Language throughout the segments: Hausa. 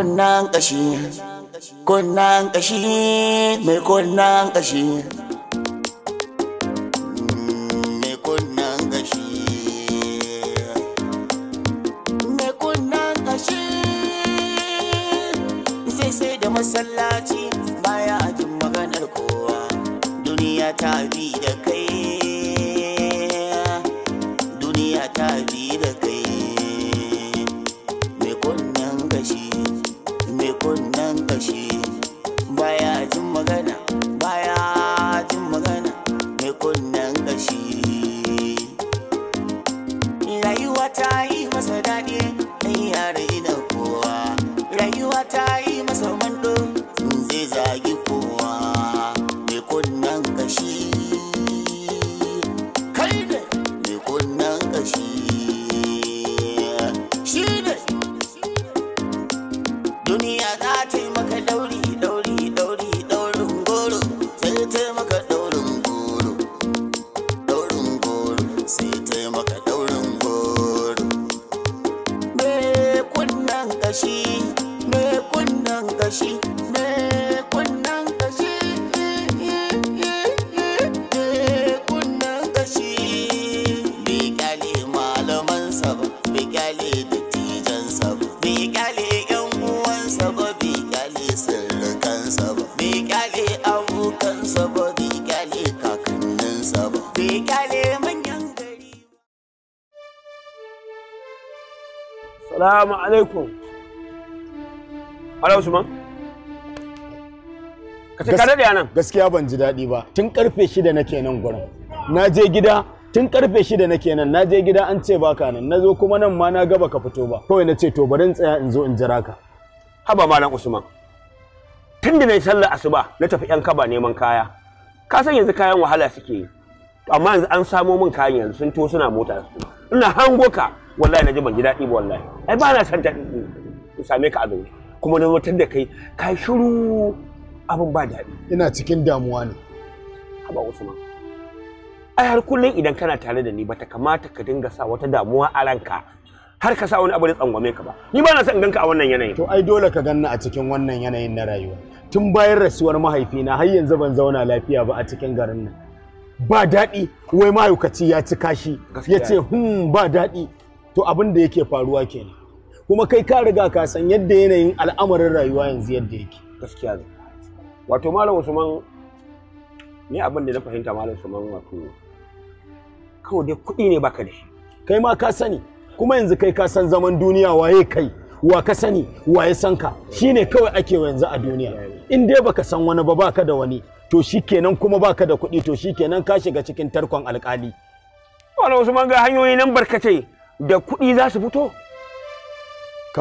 kunnan ƙashi. kunnan kashi mai kunnan kashi masallaci baya jin maganar kowa duniya ta bi da kai ka nan gaskiya ban ji daɗi ba tun karfe shida nake nan gurin na je gida tun karfe shida nake nan na je gida an ce baka nan na zo kuma nan ma na gaba ka fito ba kawai na ce to bari in tsaya in zo in jira ka haba malam usman tun da na yi sallar asuba na tafi yan kaba neman kaya ka san yanzu kayan wahala suke yi amma yanzu an samo min kayan yanzu sun to suna mota ina hango ka wallahi na ji ban ji daɗi ba wallahi ai ba na san ta same ka a zaune kuma na wutar da kai ka shiru abin ba daɗi ina cikin damuwa ne haba usman ai har kullum idan kana tare da ni bata kamata ka dinga sa wata damuwa a ranka har ka sa wani abu da tsangwame ka ba ni ba na son ganka a wannan yanayin to ai dole ka ganna a cikin wannan yanayin na rayuwa tun bayan rasuwar mahaifina har yanzu ban zauna lafiya ba a cikin garin nan ba daɗi wai mahaukaci ya ci kashi ya ce hmm ba daɗi to abin da yake faruwa kenan kuma kai ka riga ka san yadda yanayin al'amarin rayuwa yanzu yadda yake gaskiya ne. wato malam usman ni abin da na fahimta malam usman wato kawai dai kuɗi ne baka da shi kai ma ka sani kuma yanzu kai ka san zaman duniya waye kai wa ka sani wa ya san ka shine kawai ake yanzu a duniya in dai baka san wani ba baka da wani to shikenan kuma baka da kuɗi to shikenan ka shiga cikin tarkon alkali wala wasu ga hanyoyi nan barkatai da kuɗi za su fito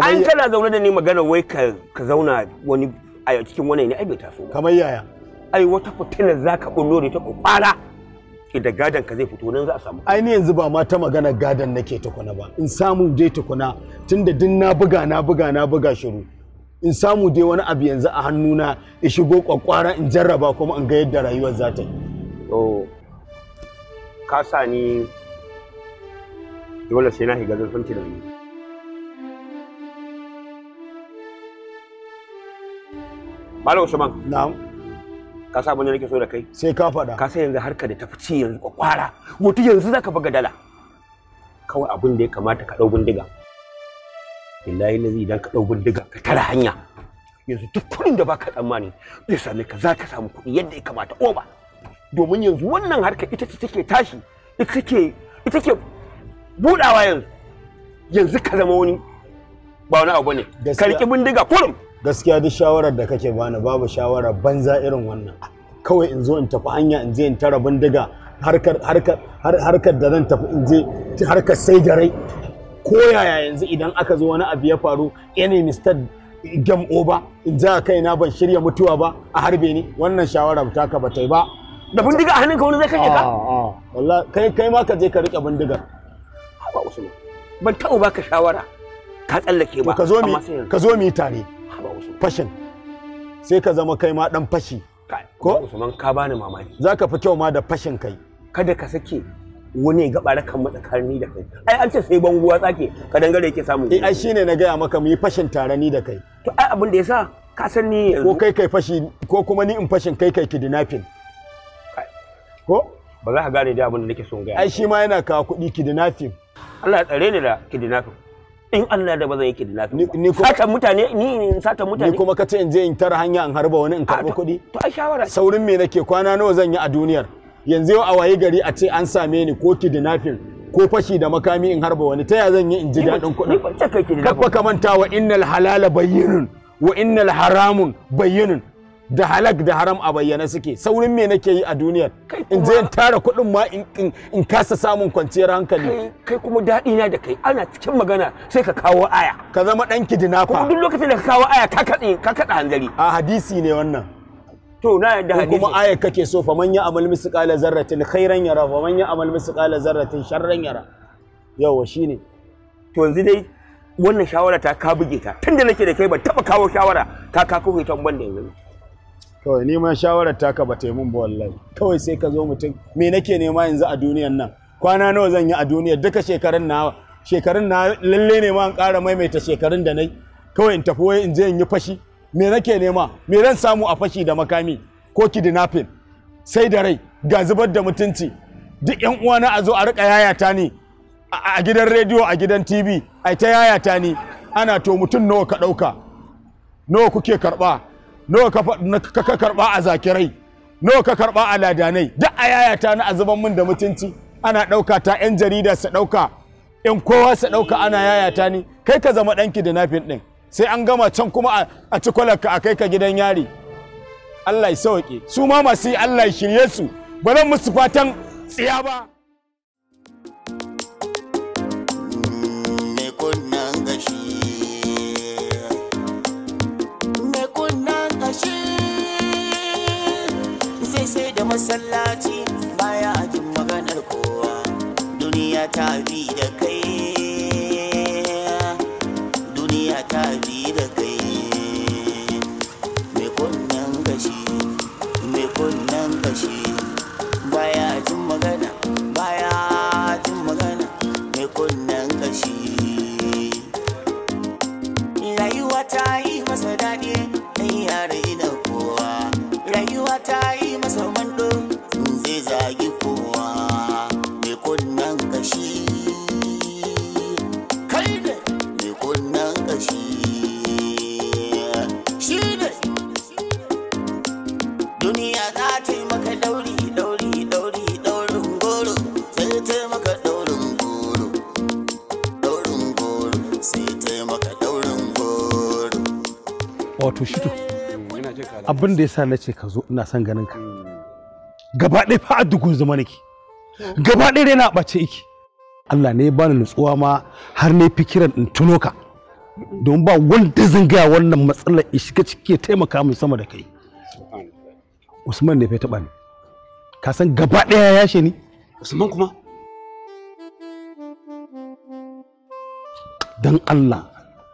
an kana zaune da ni magana wai ka zauna wani a cikin wani ne ai bai taso ba kamar yaya ai wata fitilar zaka bullo ne ta kwara da gadan ka zai fito nan za a samu ai ni yanzu ba ma ta magana gadan nake tukuna ba in samu dai tukuna tunda din na buga na buga na buga shiru in samu dai wani abu yanzu a hannuna in shigo kwakwara in jarraba kuma in ga yadda rayuwar za ta yi ka sa ni dole sai na higa da ni. Malam Usman. Na'am. Ka sa abin da nake so da kai? Sai ka faɗa. Ka sai yanzu harka da ta fice yanzu kwara Mutu yanzu zaka buga dala. Kawai abin da ya kamata ka ɗau bindiga. Billahi lazi idan ka ɗau bindiga ka tara hanya. Yanzu duk kuɗin da baka tsammani zai same ka zaka samu kuɗi yadda ya kamata oba. Domin yanzu wannan harka ita ce take tashi ita take ita ke buɗawa yanzu. Yanzu ka zama wani ba wani abu ne. Ka riƙi bindiga kurum. gaskiya duk shawarar da kake bani babu shawara banza irin wannan kawai in zo in tafi hanya in je in tara bindiga harkar da zan tafi in je harkar sai da rai ko yaya yanzu idan aka zo wani abu ya faru any Mista game over in ja kaina ban shirya mutuwa ba a harbe ni wannan shawara ta ka bata yi ba da bindiga a hannunka wani zai kashe ka wallahi kai kai ma ka je ka rike bindigar ba usman ban taɓa baka shawara ka tsallake ba ka zo mi ka zo mi tare fashin sai ka zama kai ma dan fashi ko usman ka bani mamaki zaka fi kyau ma da fashin kai kada ka sake wani ga barakan matsakani da kai ai an ce sai banguwa tsake ka dangare yake samu eh ai shine na gaya maka muyi fashin tare ni da kai to ai abin da yasa ka san ni ko kai kai fashi ko kuma ni in fashin kai kai kidnapping ko ba za ka gane da abin da nake son gaya ai shi ma yana kawo kuɗi kidnapping Allah ya tsare ni da kidnapping in Allah da bazan yake da lafiya sata mutane ni in sata mutane ni kuma ce in je in tara hanya in harba wani in karbi kuɗi to ai shawara saurin me nake kwana nawa zan yi a duniyar yanzu yau a waye gari a ce an same ni ko kidnapping ko fashi da makami in harba wani ta ya zan yi in ji daɗin kuɗin kafa ka manta wa innal halala bayyinun wa innal haramun bayyinun da halak da haram a bayyana suke saurin me nake yi a duniyar in je in tara kuɗin ma in kasa samun kwanciyar hankali kai kuma daɗi na da kai ana cikin magana sai ka kawo aya ka zama ɗan kidinafa kuma duk lokacin da ka kawo aya ka kaɗe ka kaɗa hanzari a hadisi ne wannan to na yadda hadisi kuma aya kake so fa man ya amal misqala zarratin khairan yara fa man ya amal misqala zarratin sharran yara yawa shine to yanzu dai wannan shawara ta ka buge ta tunda nake da kai ban taba kawo shawara ka ka kuke ta ban da yanzu kawai ni shawarar taka ba ta yi mun ba wallai. kawai sai ka zo mutum me nake nema yanzu a duniyan nan kwana nawa zan yi a duniya duka shekarun na shekarun na lalle ne ma an ƙara maimaita shekarun da nai kawai in tafi wai in je in yi fashi me nake nema me ran samu a fashi da makami ko kidnapping sai da rai ga zubar da mutunci duk yan uwana a zo a rika yayata ni a gidan rediyo a gidan tv ai ta yayata ni ana to mutum nawa ka ɗauka nawa kuke karɓa nawa ka karba a zakirai nawa ka karba a ladanai duk a yayata na azuban min da mutunci ana ɗauka ta 'yan jarida su ɗauka in kowa su ɗauka ana yayata ni kai ka zama ɗanki da nafin ɗin sai an gama can kuma a ci a kai ka gidan yari Allah ya sauke su ma masu Allah ya shirye su ba musu fatan tsiya ba masallaci baya jin maganar kowa duniya ta bi da kai duniya ta bi da kai mai kunnen gashi mai kunnen gashi to shi to mm, abin da yasa nace ce ka zo ina son ganin ka gaba ɗaya fa addugun zama nake gaba ɗaya na ɓace iki Allah ne ya bani nutsuwa ma har ne fikiran in tuno ka don ba wanda zan gaya wannan matsalar in shiga ciki taimaka min sama da kai Usman ne fa taɓa ni ka san gaba ɗaya ya yashe ni Usman kuma dan Allah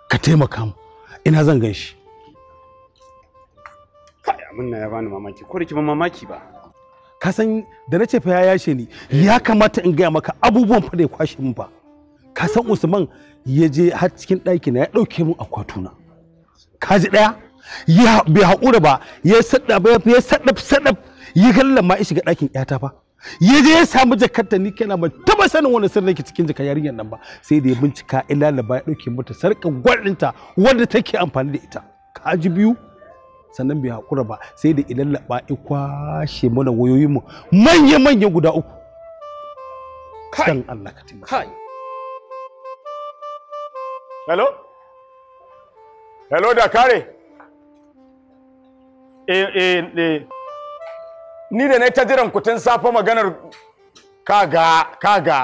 ka taimaka mu ina zan gan abin ya bani mamaki ko da ki mamaki ba ka san da na ce fa ya yashe ni ya kamata in gaya maka abubuwan fa da ya kwashe min ba. ka san Usman ya je har cikin ɗaki na ya ɗauke min akwatuna ka ji ɗaya ya bai haƙura ba ya sadda ya sadda sadda ya gallama ya shiga ɗakin ƴata ba. ya je ya samu jakarta ni kana ba taba sanin wani sirri ke cikin jaka yarinyar nan ba sai da ya bincika ila ba ya dauke mata sarƙar gwarinta wanda take amfani da ita ka kaji biyu sannan bai haƙura ba sai da idan laɓa ya kwashe mana wayoyinmu manya-manya guda uku kan Allah ka taimaka hello hello da kare eh, eh eh ni da na ta jiran ku tun safa maganar kaga kaga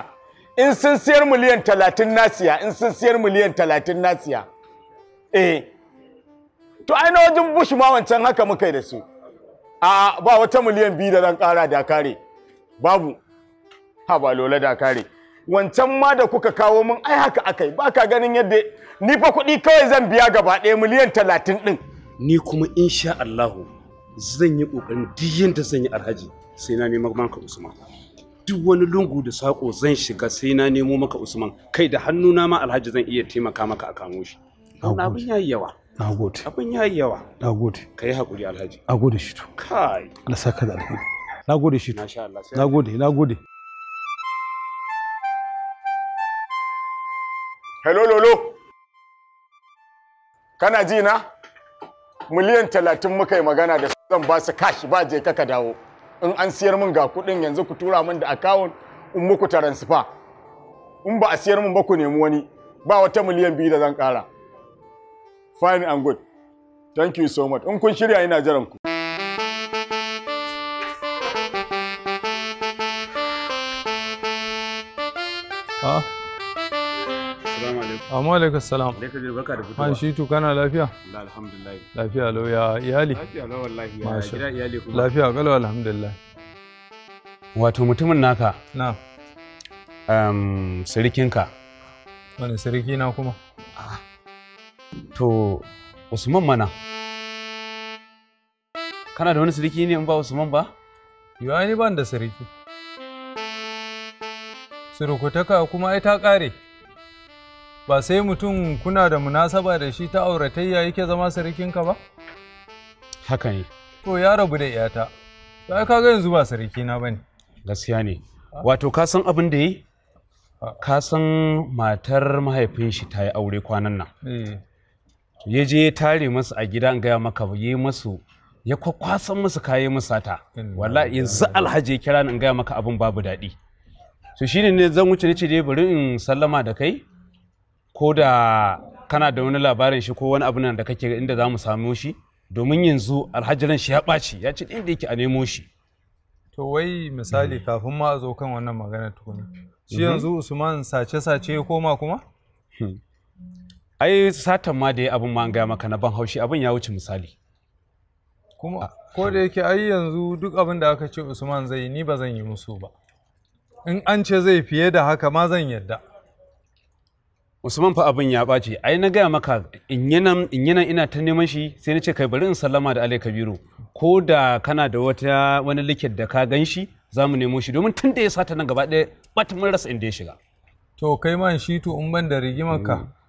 in sun siyar miliyan talatin nasiya in sun siyar miliyan talatin nasiya eh to ai na wajen bush ma wancan haka muka yi da su a ba wata miliyan biyu da zan kara da kare babu ha lola da kare wancan ma da kuka kawo min ai haka a ba baka ganin yadda ni fa kuɗi kawai zan biya gaba ɗaya miliyan talatin ɗin ni kuma insha Allahu zan yi ƙoƙarin duk yadda zan yi alhaji sai na neman maka usman duk wani lungu da saƙo zan shiga sai na nemo maka usman kai da hannuna ma alhaji zan iya taimaka maka a kamo shi abin yayi yawa na gode abin ya yi yawa na gode ka yi haƙuri alhaji na gode shi to kai Allah saka da alheri na gode shi to na gode na gode hello lolo kana ji na miliyan talatin muka yi magana da zan ba su kashi ba je kaka dawo in an siyar min ga kuɗin yanzu ku tura min da akawun in muku taransifa in ba a siyar min ba ku nemi wani ba wata miliyan biyu da zan ƙara Fine and good. Thank you so much. In kun shirya ina jiran ku. Ah. Assalamu alaikum. Amma alaikum salam. Alaikum jir barka da fitowa. Man shitu kana lafiya? Allah alhamdulillah. Lafiya lau ya iyali. Lafiya lau wallahi ya gida iyali kuma. Lafiya kalau alhamdulillah. Wato mutumin naka. Na. Um, sirikinka. Wani sirikina kuma? Ah. Wato Usman mana. Kana da wani siriki ne in ba Usman ba? Yawa ni ban da siriki. Surukutaka kuma ai ta ƙare. Ba sai mutum kuna da munasaba da shi ta auratayya yake zama sarkinka ba? Haka ne. To ya rabu da iyata. ka kaga yanzu ba na bane. Gaskiya ne. Wato ka san abin da yi? Ka san matar mahaifin shi ta yi aure kwanan nan. Eh. ya je ya tare masu a gida gaya maka ya masu ya kwakwasan masu kaye musata wala yanzu alhaji ya kira ni in gaya maka abin babu daɗi to shine ne zan wuce ce dai bari in sallama da kai ko da kana da wani labarin shi ko wani abu nan da kake inda za mu samu shi domin yanzu alhajiran shi ya ɓaci ya ce inda yake a nemo shi to wai misali kafin ma a zo kan wannan magana tukuna shi mhm. yanzu usman sace-sace ya koma kuma hmm. ai satan ma da ya abin ma gaya maka na ban haushi abin ya wuce misali kuma ko da yake ai yanzu duk abin da aka ce usman zai ni ba zan yi musu ba in an ce zai fiye da haka ma zan yadda usman fa abin ya ɓace, ai na gaya maka in yanan ina ta neman shi sai na ce kai bari in sallama da alai kabiru ko da kana da wata wani likit da ka gan shi za mu nemo shi domin tun da ya sata nan gaba ɗaya batun mun rasa inda ya shiga to kai man shi to in ban da rigimarka mm.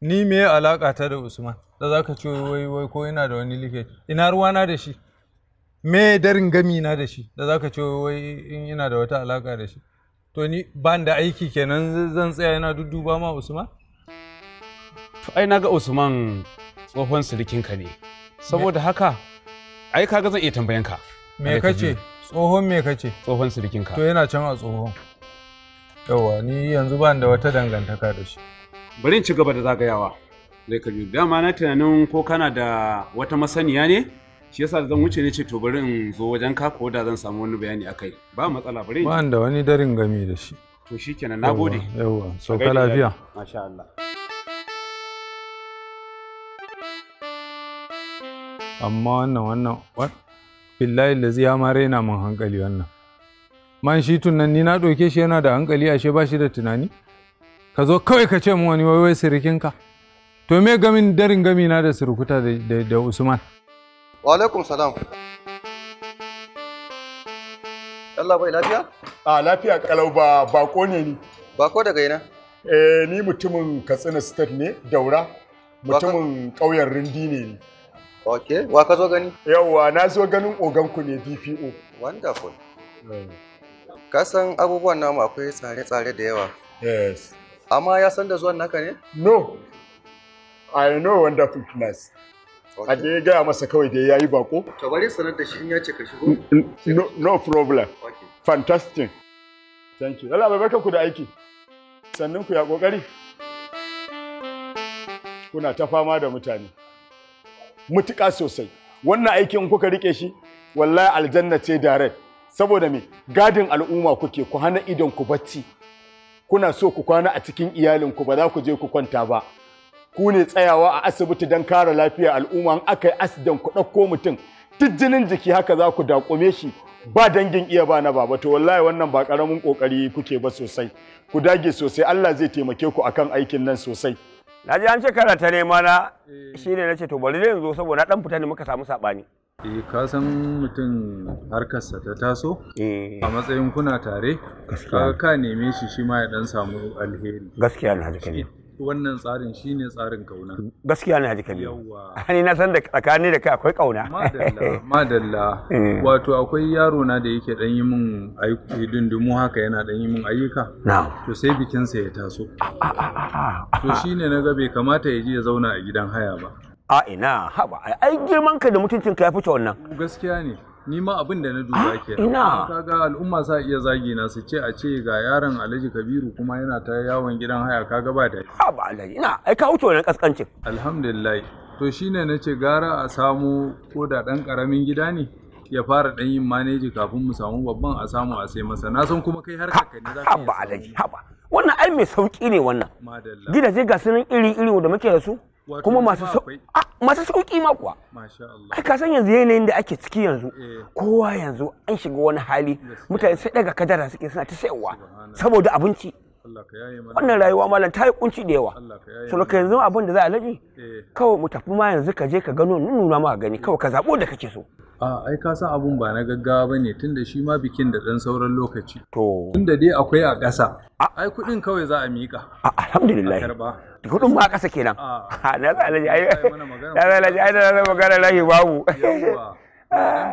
ni me alaka ta da Usman da za ka ce wai wai ko ina da wani like. ina ruwana da shi me darin gami na da shi da za ka ce wai in ina da wata alaka da shi to ni ban da aiki kenan zan tsaya ina dudduba ma Usman to ai naga Usman tsohon ka ne saboda haka ai kaga zan iya tambayan ka me kace tsohon me kace tsohon ka to yana can a tsohon yawa ni yanzu ban da wata dangantaka da shi bari ci gaba da zagayawa zai biyu dama na tunanin ko kana da wata masaniya ne shi yasa zan wuce ne ce to bari in zo wajen ka ko da zan samu wani bayani a kai. ba matsala bari ba da wani darin gami da shi to na gode yawwa sauka lafiya masha Allah amma wannan wannan what billahi da ya ma raina mun hankali wannan man shi tunan ni na ɗauke shi yana da hankali ashe ba shi da tunani ka zo kawai ka ce mu wani wai sirikinka to me gamin darin gamina da surukuta da usman wa alaikum salam Allah bai lafiya a lafiya kalau ba bako ne ni bako daga ina eh ni mutumin katsina state ne daura mutumin ƙauyen rindi ne ni ok wa ka zo gani yawwa na zo ganin oganku ne dpo wonderful eh. kasan abubuwan namu akwai tsare-tsare da yawa yes Amma ya san da zuwan naka ne? No. I know wonderful class. A da ya gaya masa kawai da ya yi bako. To bari sanar da shi in ya ce ka shigo. No, no problem. Okay. Fantastic. Thank you. Allah barka ku da aiki. Sannan ku ya kokari. Kuna ta fama da mutane. Mutuka sosai. Wannan aikin kuka rike shi, wallahi aljanna ce direct. Saboda me? Gadin al'umma kuke ku hana idon ku bacci. kuna so ku kwana a cikin iyalinku ba za ku je ku kwanta ba ku ne tsayawa a asibiti don kare lafiyar al'umma in aka yi asidan ku ɗauko mutum duk jinin jiki haka za ku dakume shi ba dangin iya ba na baba to wallahi wannan ba karamin kokari kuke ba sosai ku dage sosai Allah zai taimake ku akan aikin nan sosai na ji an ce kana ta nema na eh. shine nace to bari zan zo saboda ɗan fita ne muka samu saɓani. eh ka san mutum harkarsa ta taso eh. a matsayin kuna tare ka ka neme shi shi ma ya dan samu alheri gaskiya ne haji kabiru wannan tsarin shi ne tsarin kauna gaskiya ne haji kabiru Ani na san da tsakani da kai akwai kauna madalla madalla eh. wato akwai yaro na da yake dan yi min aiki dindimu haka yana dan yi min ayyuka to sai bikinsa ya taso ah, ah, ah, to shine na ga bai kamata ya je ya zauna a gidan haya ba a ina haba ai girman ka da mutuncin ka ya fice wannan gaskiya ne ni ma abin da na duba ah, ke ina kaga al'umma sa iya zagi na su ce a ce ga yaron Alhaji Kabiru kuma yana ta yawon gidan haya kaga ba da haba Alhaji ina ai ka wuce wannan kaskancin alhamdulillah to shine nace gara a samu ko da dan karamin gida ne ya fara dan yin maneji kafin mu samu babban a samu a sai masa na san kuma kai harkar ka ne zaka haba Alhaji haba wannan ai mai sauki ne wannan gidaje ga sunan iri iri da muke da su kuma masu ah, masu sauki ma kuwa ai ka san yanzu yanayin da ake ciki yanzu eh. kowa yanzu an shiga wani hali mutane sai daga kadara suke suna ta sayarwa saboda abinci wannan rayuwa malam ta yi kunci da yawa ka yanzu abin da za a laji eh. kawai mu tafi ma yanzu ka je ka gano nuna ma gani kawai ka zabo da kake so a ai ka san abun ba na gaggawa bane tunda shi ma bikin da dan sauran lokaci to tunda dai akwai a ƙasa ai kuɗin kawai za a miƙa alhamdulillah hudun ma ƙasa kenan ah. na alaji. ai na zalaji ai na magana lahi babu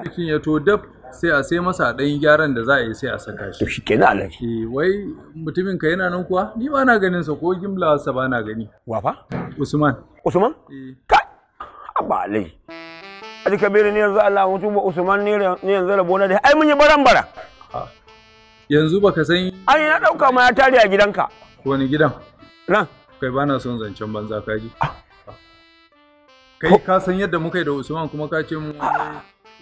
bikin ah. ya to dab sai a sai masa ɗan gyaran da za a yi sai a saka shi to kenan alaji eh, wai mutumin ka yana nan kuwa ni ba na ganin sa ko gimla sa ba na gani wa fa usman usman eh. ka ba alai aji kabiru ne yanzu Allah mutum ba usman ne yanzu na da ai mun yi baran bara ah. yanzu baka san ai na dauka ma ya tare a gidanka wani gidan nan kai ba na son zancen banza ka ji ah. kai ka san yadda muka yi da usman kuma ka ce mu ah.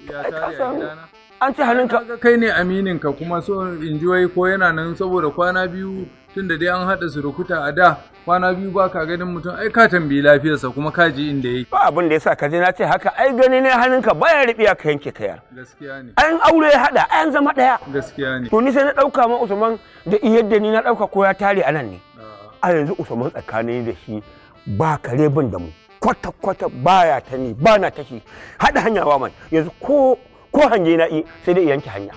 ya tare a gidana an ce hannunka kai ne aminin ka kuma so in ji wai ko yana nan saboda kwana biyu tun da dai an haɗa surukuta a da kwana biyu ba ka ganin mutum ai ka tambayi lafiyarsa kuma ka ji inda yake ba abin da yasa ka je na ce haka ai gani ne hannunka baya ribiya ka yanke kaya. gaskiya ne an aure ya hada an zama daya. gaskiya ne to ni sai na dauka ma Usman da yadda ni na dauka ko ya tare anan ne a yanzu usman tsakanin da shi ba kare bin da mu kwata-kwata baya ta ni ba na tashi haɗa hanya wa man yanzu ko ko hange na yi sai dai yanke hanya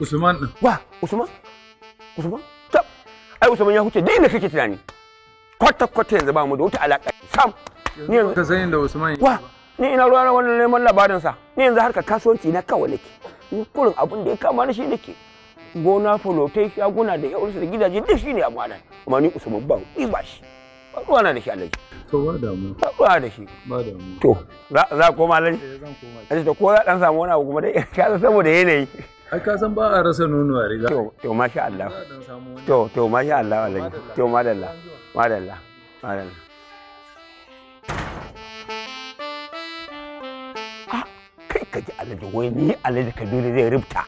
usman din wa usman usman tab ai usman ya huce dai inda kake tunani kwata-kwata yanzu ba mu da wata alaƙa sam ni yanzu ka sani da usman wa ni ina ruwa na wannan neman labarin sa ni yanzu harka kasuwanci na kawai nake ni kurin abin da ya kama ni shi nake gona fulotai shaguna da yawarsa da gidaje duk shine abu anan amma ni usman ban ni ba shi ba ruwa na da shi alaji to ba damu ba ruwa da shi ba damu to za koma alaji eh, zan koma alaji to ko za dan samu wani abu kuma dai ka san saboda yanayi ai ka san ba a rasa nono a riga to to masha Allah to to masha Allah alaji to madalla madalla madalla ah, kai kaji alaji wai ni alaji Kabiru zai rubuta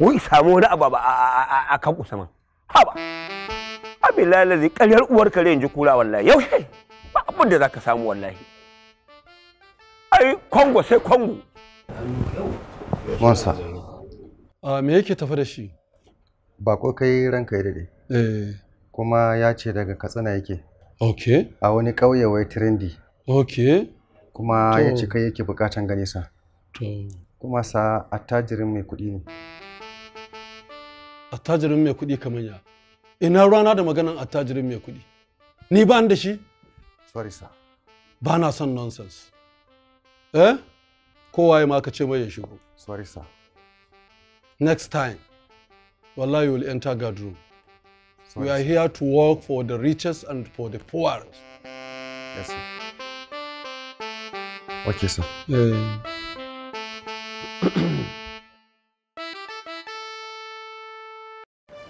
wai samu wani abu a kan usman haba abila lalazi karyar uwar kare in ji kura wallahi yaushe ba abin da zaka samu wallahi ai kongo sai kongo monsa a me yake tafi da shi ba ko kai ranka ya dade eh kuma ya ce daga katsina yake ok a wani ƙauye wai trendy ok kuma ya ce kai yake bukatan ganisa to kuma sa attajirin mai kuɗi ne attajirin mai kuɗi kamar ya ina rana da maganan attajirin mai kuɗi ni ba da shi sorry sir ba na son nonsense eh kowaye ma maka ce mai ya shigo sorry sir next time wallahi you will enter guard room we are here to work for the richest and for the poorest yes sir okay sir eh.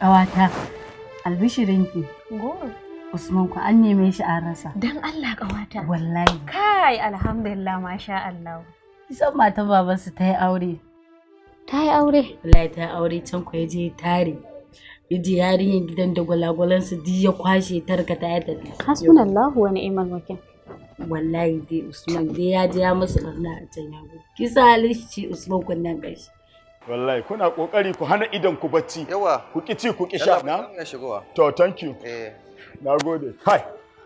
Ƙawata, albishirin ki? Usman ku an neme shi an rasa. Dan Allah ƙawata. Wallahi. Kai alhamdulillah masha Allah. Kisan mata babansu ta yi aure. Ta yi aure? Wallahi ta yi aure can ku je tare. Yaji yarinyar gidan da su duk ya kwashe ta yi tafi. Hasbunallahu wa ni'mal wakil. Wallahi dai Usman dai ya je ya musu barna a can ya Kisa halin shi Usman kunnen ƙarshe. wallahi kuna kokari ku hana idan ku bacci yawa ku kici ku kisha na to thank you eh nagode kai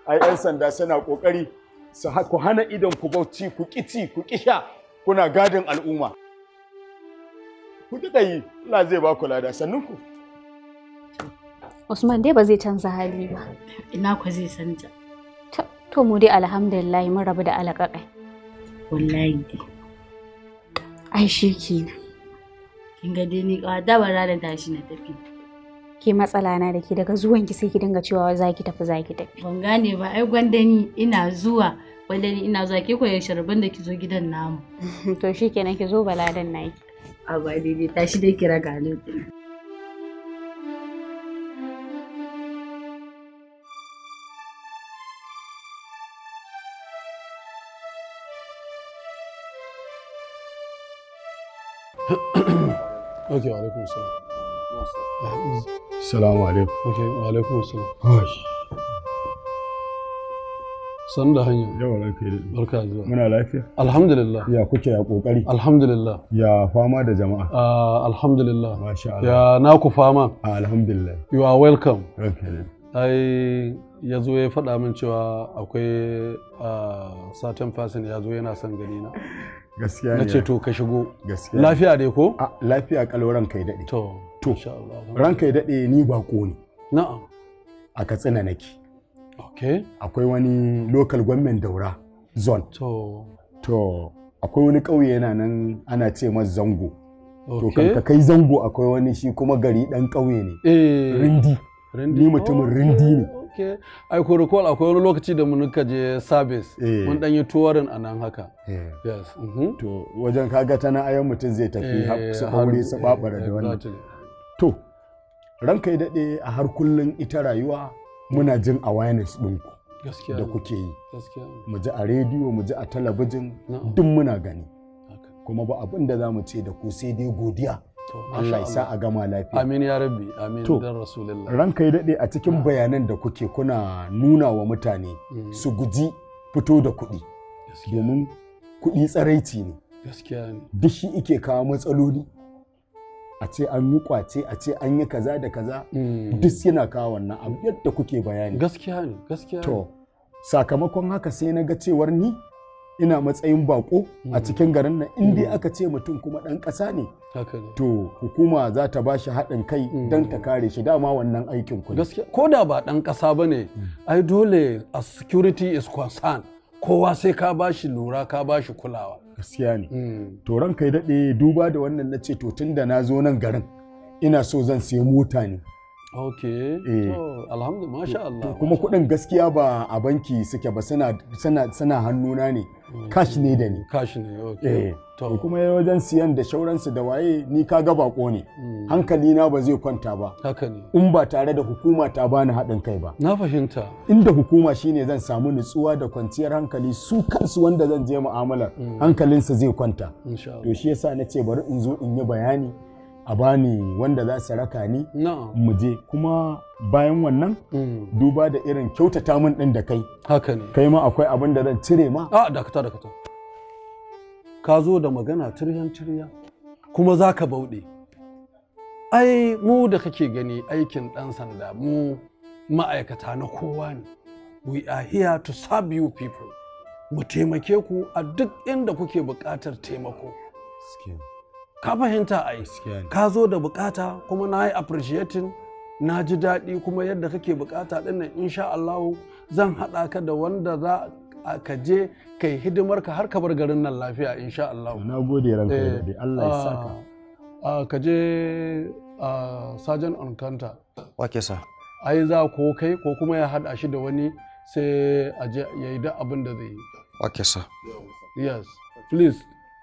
ai yan sanda suna kokari su ku hana idan ku bacci ku kici ku kisha kuna gadin al'umma ku duka yi Allah zai ba ku lada sannin ku Usman dai ba zai canza hali ba ina ku zai canja to mu dai alhamdulillah mun rabu da alaƙaƙai wallahi dai ai shi kenan kin ga dai ni ka da bara da tashi na tafi ke matsala na da ke daga zuwan ki sai ki dinga cewa za ki tafi za ki tafi ban gane ba ai gwandani ina zuwa gwandani ina zuwa ke koyar sharban da ki zo gidan namu to shikenan ki zo baladan naki a ba daidai tashi dai kira Ahem. Ok wa alaikum salam. Assalamu alaikum. Okay, wa alaikum salam. San da hanya. Yawa lafiya. Barka zuwa. Muna lafiya. Alhamdulillah. Ya kuke ya kokari. Alhamdulillah. Ya fama da jama'a. Uh, alhamdulillah. Masha Allah. Ya naku fama. Ah, alhamdulillah. You are welcome. Okay. ai ya zo ya faɗa min cewa akwai satan ah, fasin ya zo yana son gani na gaskiya na ce to ka shigo lafiya dai ko a lafiya kalau ran kai dade to to ran kai dade ni bako ne na'am a katsina nake okay akwai wani local government daura zone to to akwai wani ƙauye yana nan ana ce mas zango to ka kai zango akwai wani shi kuma gari dan ƙauye ne eh. rindi ni mutumin oh. rindi ne ke ai korokol akwai wani lokaci da mun ka je service eh. mun dan yi touring a nan haka eh. yes mhm. to wajen kaga ta nan ayan mutum zai tafi eh, su aure su babara da wannan to ranka ya a har kullun ita rayuwa muna jin awareness din ku da kuke yi mu ji a rediyo mu ji a talabijin duk muna gani kuma ba abin da za mu ce da ku sai dai godiya Allah ya sa a gama lafiya. Amin ya rabbi, amin to, dan Rasulullah. Ranka yi daɗe a cikin ah. bayanan da kuke kuna nuna wa mutane mm. su guji fito da kuɗi. Domin kuɗi tsaraici ne. Gaskiya ne. Duk shi ike kawo matsaloli. A ce an yi kwace, a ce an yi kaza da kaza. Mm. Duk yana kawo wannan abu yadda kuke bayani. Gaskiya ne, gaskiya ne. To, sakamakon haka sai na ga cewar ni ina matsayin bako a mm-hmm. cikin garin nan in dai mm-hmm. aka ce mutum kuma ɗan ƙasa ne to hukuma za ta ba shi haɗin kai mm-hmm. don ta kare shi dama wannan aikin ku ko da ba ɗan ƙasa ba ne mm. ai dole a security is concern kowa sai ka ba shi lura ka ba shi kulawa gaskiya ne mm. to ranka ya daɗe duba da wannan na ce to tun da na zo nan garin ina so zan sayi mota ne ok eh. masha Allah kuma kuɗin gaskiya ba a banki suke ba suna hannuna ne cash ne da ni cash ne okay eh. to kuma wajen siyan da shauransu da waye ni ka ga bako ne hmm. hankali na ba zai kwanta ba haka ne in ba tare da hukuma ta bani haɗin kai ba na fahimta inda hukuma shine zan samu nutsuwa da kwanciyar hankali su kansu wanda zan je mu'amalar hmm. hankalinsa zai kwanta to shi yasa na ce bari in zo in yi bayani a bani wanda za su raka ni mu je kuma bayan wannan mm. duba da irin kyautata min din da kai haka ne kai ma akwai abin da zan cire ma a ah, dakata dakata ka zo da magana tiryan tirya kuma za ka bauɗe ai mu da kake gani aikin ɗan sanda mu ma'aikata na kowa ne we are here to serve you people mu taimake ku a duk inda kuke buƙatar taimako ka fahimta yi ka zo da bukata kuma na yi appreciating na ji daɗi kuma yadda kake bukata ɗinnan insha Allah zan haɗa ka da wanda za a ka je yi hidimar ka har ka bar garin nan lafiya insha Allah na gode ranka da eh, Allah ya saka ah, ah, ka je ah, sajan on Kanta. wake sa ai za ko kai ko kuma ya haɗa shi da wani sai a je ya yi da abin da zai yi wake sa yes please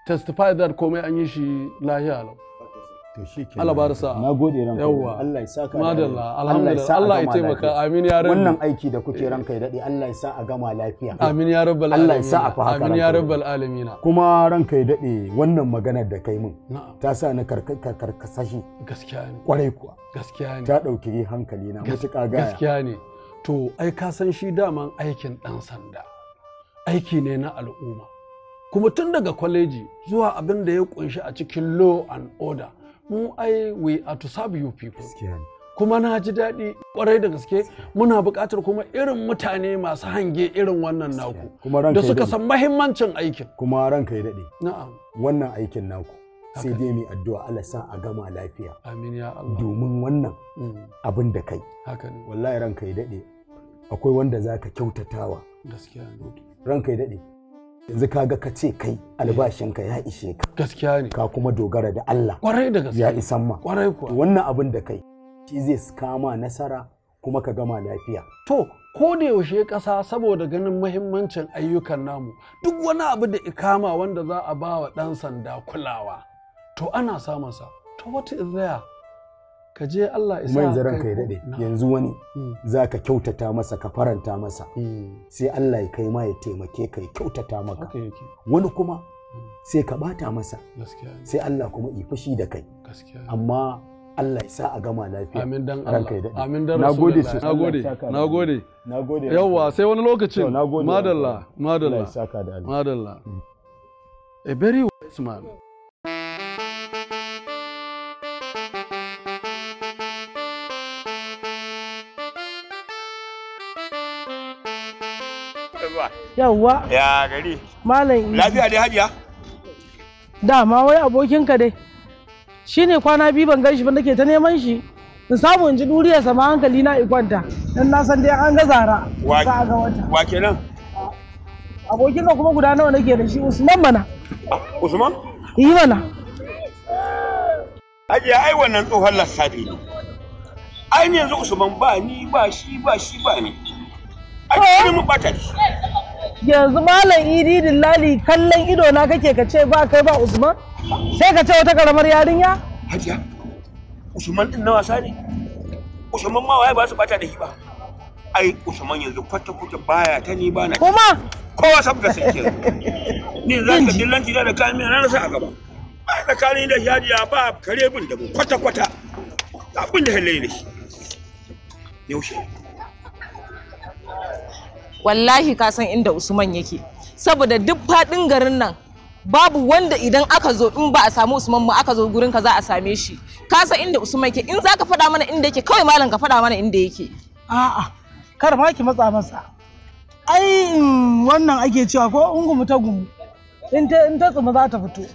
testify that komai an yi shi lahiya lau to Allah bar sa na gode ranka yawa Allah ya saka madalla alhamdulillah Allah ya taimaka amin ya rabbi wannan aiki da kuke ranka ya dade Allah ya sa a gama lafiya amin ya rabbal alamin Allah ya sa a fa haka amin ya rabbal alamin kuma ranka ya dade wannan maganar da kai mun ta sa na karkasashi gaskiya ne kwarai kuwa gaskiya ne ta dauki hankali na mutuka gaya gaskiya ne to ai ka san shi daman aikin dan sanda aiki ne na al'umma kuma tun daga kwaleji zuwa abin da ya kunshi a cikin law and order mu ai we are to serve you people kuma na ji daɗi kwarai da gaske muna buƙatar kuma irin mutane masu hange irin wannan naku da suka san mahimmancin aikin kuma ranka ya daɗe na'am wannan aikin naku sai dai mai addu'a Allah sa a gama lafiya amin ya Allah domin wannan mm. abin da kai haka wallahi ranka ya daɗe akwai wanda zaka kyautatawa gaskiya ranka ya daɗe yanzu ga ka ce kai albashinka ya ishe ka gaskiya ne ka kuma dogara da Allah kwarai da gaskiya ya isan ma kwarai kuwa wannan abin da kai shi zai kama nasara kuma ka gama lafiya to ko da yaushe ƙasa saboda ganin muhimmancin ayyukan namu duk wani abu da ikama wanda za a ba wa ɗan sanda kulawa to ana samunsa to what is there ka je Allah isa mai zaran kai dade yanzu wani hmm. zaka kyautata masa ka faranta masa hmm. sai Allah ya kai ma ya taimake ka ya kyautata maka wani kuma hmm. sai ka bata masa sai Allah kuma yi fushi da kai amma Allah ya sa a gama lafiya. Amin dan Allah. Amin dan Na gode sosai. Na gode. Na gode. Na gode. Yawwa sai wani lokacin. Madalla. Madalla. Madalla. A eh, very wise man. yawwa ya gari malam lafiya dai hajiya dama wai abokinka dai shine kwana biyu ban gan shi ba nake ta neman shi in samu in ji duriyar sama hankali na ikwanta dan na san dai an ga zara wa ga wata wa kenan abokin ka kuma guda nawa nake da shi Usman mana Usman yi mana Hajiya ai wannan tsohon lissafi ne ai yanzu Usman ba ni ba shi ba shi ba ni ai mun bata shi yanzu malam idi dillali kallon ido na kake ka ce ba kai ba usman sai ka ce wata karamar yarinya hajiya usman din na wasa ne usman ma waye ba su bata da hiba ai usman yanzu kwata kwata baya ta ni ba na kuma kowa sab ga sake ni za ka dillanci da kayan miya na rasa a gaba ba tsakanin da hajiya ba kare bin da kwata kwata abin da halaye ne yaushe wallahi ka san inda usman yake saboda duk faɗin garin nan babu wanda idan aka zo in ba a samu usman mu aka zo gurin ka za a same shi ka san inda usman yake in zaka faɗa mana inda yake kawai malam ka faɗa mana inda yake a'a kar ma ki matsa masa ai wannan ake cewa ko ungumu ta gumu in ta in ta tsuma za ta fito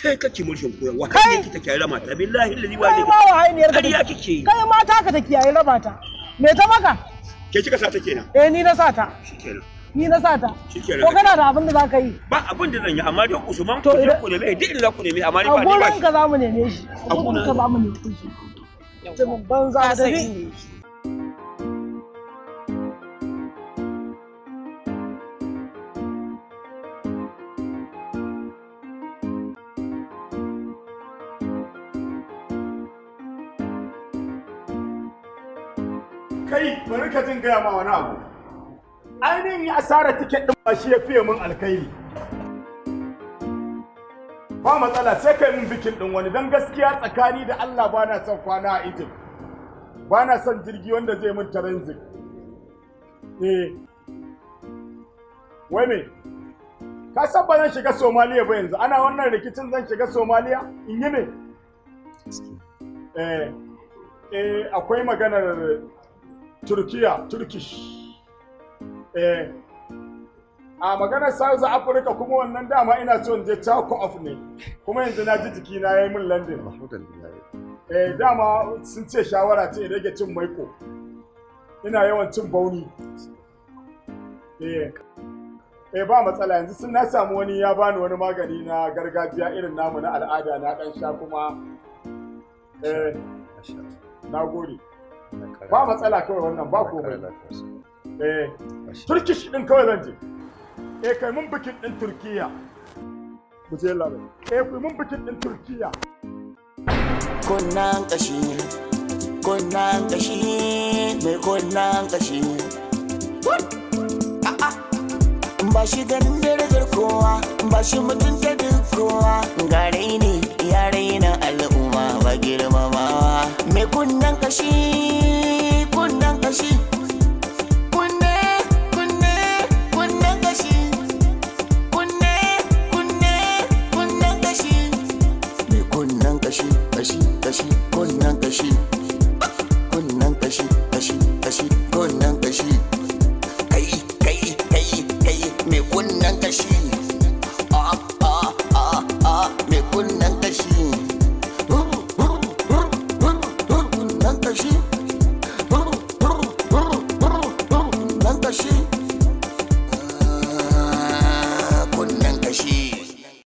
ke kake mulkin koyon wa kai ki ta kiyaye rama ta billahi lillahi wa ne kai ma ta ka ta kiyaye rama ta me ta maka Ke kika sata kenan? Eh ni na sata. Shikenan. Ni na sata. ta. Shikenan. Ko kana da abin da za ka yi? Ba abin da zan yi amma dai Usman ku je ku neme duk inda ku neme amma ni ba ni ba. A gurin ka za mu neme shi. A gurin ka za mu neme shi. Mutumin banza da yi. rika jin gaya ma wani abu ainihin asarar tiket ɗin ba shi ya fiye min alkhairi ba matsala sai kai min bikin ɗin wani don gaskiya tsakani da Allah ba na son kwana a Egypt ba na son jirgi wanda zai min transit eh wai me ka san ba zan shiga Somaliya ba yanzu ana wannan rikicin zan shiga Somaliya in yi me eh eh akwai maganar turkiya turkish eh a maganar south africa kuma wannan dama ina so in je chaco of ne kuma yanzu na ji jiki na yayi min london eh dama sun ce shawara ce rage cin maiko ina yawan cin bauni eh eh ba matsala yanzu sun na samu wani ya bani wani magani na gargajiya irin namu na al'ada na dan sha kuma eh na gode ba matsala kawai wannan ba komai eh turkish din kawai zan je eh kai mun bikin din turkiya ku je labe eh ku mun bikin din turkiya kunnan kashi kunnan kashi mai kunnan kashi ah, ah. ba shi ganin darajar kowa ba shi mutunta duk kowa ga ne ya raina al'umma ba girma ba kunnen kashi kunnen kashi